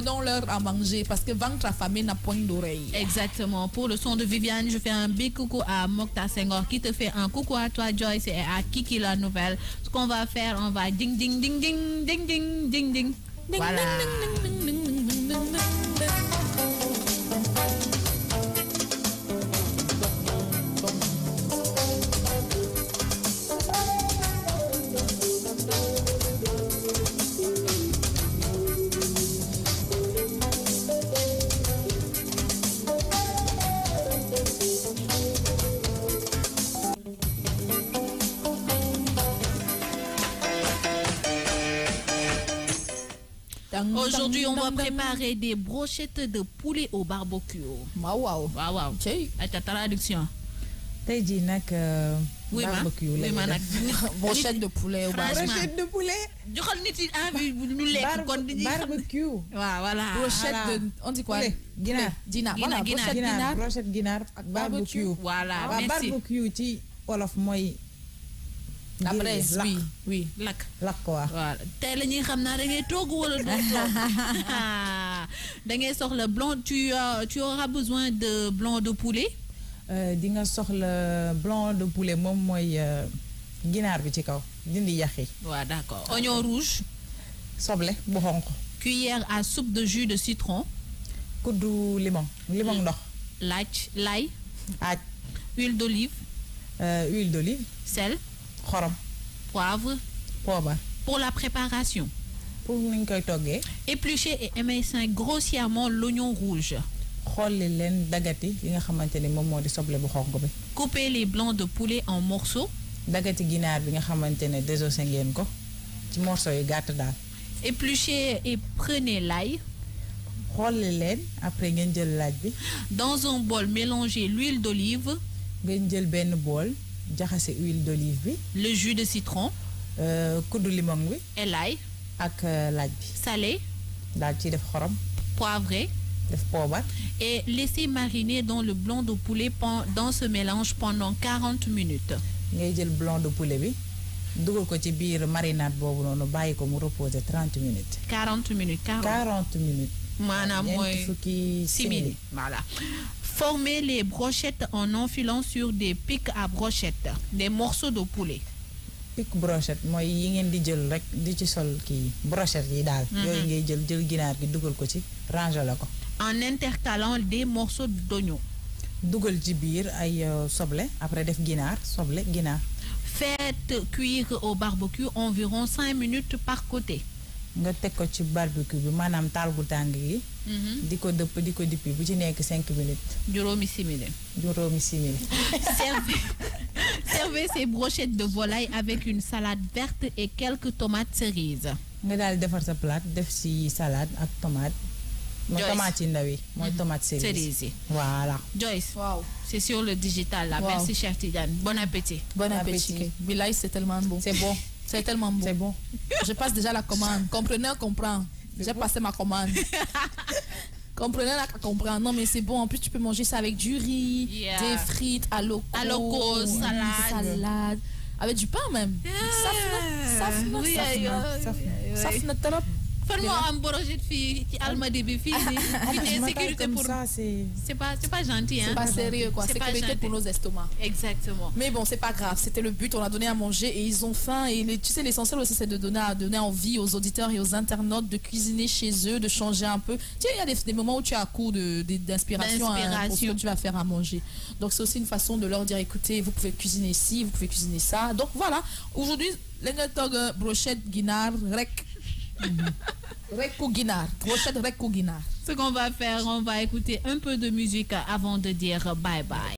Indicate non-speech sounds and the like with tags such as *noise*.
donnons-leur à manger parce que ventre affamé n'a point d'oreille. Exactement. Pour le son de Viviane, je fais un big coucou à Mokta Senghor qui te fait un coucou à toi, Joyce, et à Kiki la nouvelle. Ce qu'on va faire, on va ding ding ding ding ding ding ding ding. ding, ding ding, ding Aujourd'hui, on va préparer des brochettes de poulet au barbecue. Waouh, waouh. Waouh, À ta traduction. tey dit euh, oui oui *laughs* brochette de poulet. au barbecue. brochette de poulet. Je nit yi envie ah, ñu lekk kon barbecue. *laughs* waouh, voilà brochette de on dit quoi. ginaar ginaar voilà brochette de brochette ginar barbecue. voilà merci barbecue ti Olaf mooy après oui oui lac, lac quoi. waaw tey la ñuy da ngay togg wala *laughs* *laughs* da ngay soxla blanc tu tu auras besoin de blanc de poulet. Euh, di nga soxla blanc de poulet mom moy euh, ginaar bi ci kaw dindi yax yi. d'accord oignon rouge. soble bu cuillère à soupe de jus de citron. de limon limon ndox. lach lay huile d'olive. Euh, huile d'olive. sel poivre. pour la préparation. éplucher et émincer grossièrement l'oignon rouge. couper les blancs de poulet en morceaux. dagati et prenez l'ail. dans un bol mélangez l'huile d'olive jaxase huile d'olive bi le jus de citron euh kuddu limon wi et l'ail ak euh, laaj bi salé dal ci def xorom poivré et laisser mariner dans le blanc de poulet dans ce mélange pendant 40 minutes. Ngayel blanc de poulet bi dougal ko ci bir marinade bobu nonou bayiko mu reposer 30 minutes. 40 minutes 40 minutes. Manam moy 6 minutes. Voilà. Former les brochettes en enfilant sur des pics à brochettes, des morceaux de poulet. pic brochette moi yi ngeen di jël des di ci sol brochette yi a des mhm. ngay en intercalant des morceaux d'oignon. Double Jibir a ay euh, soble après def ginaar soble guinard. faites cuire au barbecue environ 5 minutes par côté nga teg ko ci barbecue bi maanaam taal bu tàng yi. Mhm. di ko dëpp di ko dippi bu ci nekk cinq minutes. juróomi simili. juróomi simili. *laughs* Servez ces brochettes de volaille avec une salade verte et quelques tomates cerises. nga daal defar sa plat def ci salade ak tomate. mooy tomate yi ndaw mhm. tomate cerise voilà. Joyce c'est sur le digital merci cher Tidane. bon appétit. bon appétit c'est tellement bon. c'est bon. *laughs* C'est tellement bon. C'est bon. Je passe déjà la commande. Comprenez, comprend. J'ai passé ma commande. *laughs* Comprenez la Non, mais c'est bon. En plus, tu peux manger ça avec du riz, des frites, à l'eau, salade. salade. Avec du pain même. Ça Safna. Safna. Safna. Safna. Safna. Ah, ah, ah, c'est pas gentil hein. c'est pas sérieux quoi sécurité pour nos estomacs. exactement mais bon c'est pas grave c'était le but on a donné à manger et ils ont faim et tu sais l'essentiel aussi c'est de donner à donner envie aux auditeurs et aux internautes de cuisiner chez eux de changer un peu tu sais il y a des, moments où tu as à d'inspiration hein, pour ce que tu vas faire à manger donc c'est aussi une façon de leur dire écoutez vous pouvez cuisiner ici vous pouvez cuisiner ça donc voilà aujourd'hui les brochette guinard rec *laughs* Ce qu'on va faire, on va écouter un peu de musique avant de dire bye bye.